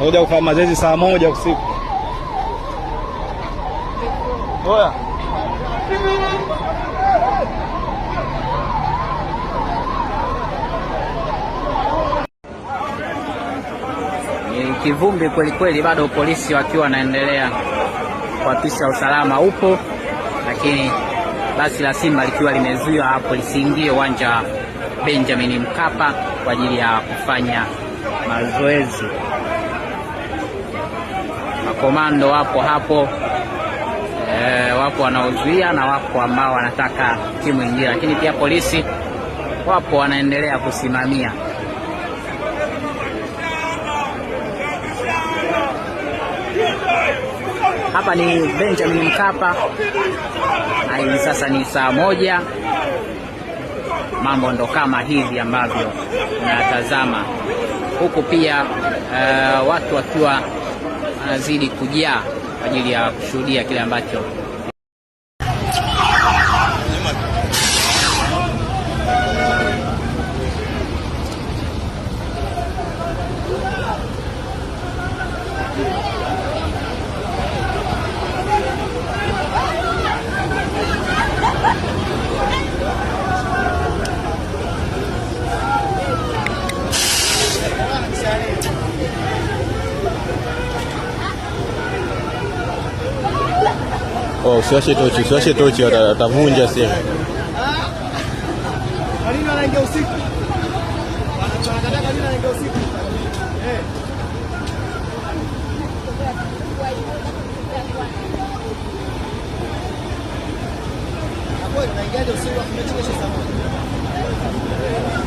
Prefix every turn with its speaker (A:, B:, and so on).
A: Nakuja kufanya mazoezi saa moja usiku. Oya.
B: kivumbi kweli kweli, bado polisi wakiwa wanaendelea kuhakikisha usalama upo, lakini basi la Simba likiwa limezuiwa hapo lisiingie uwanja wa Benjamin Mkapa kwa ajili ya kufanya mazoezi makomando wapo hapo e, wapo wanaozuia na wapo ambao wanataka timu ingie, lakini pia polisi wapo wanaendelea kusimamia. Hapa ni Benjamin Mkapa. Hivi sasa ni saa moja. Mambo ndo kama hivi ambavyo natazama huku, pia uh, watu wakiwa yanazidi kujaa kwa ajili ya kushuhudia kile ambacho
A: Oh, usiwashe tochi, usiwashe tochi, atavunja simu.
C: Usiku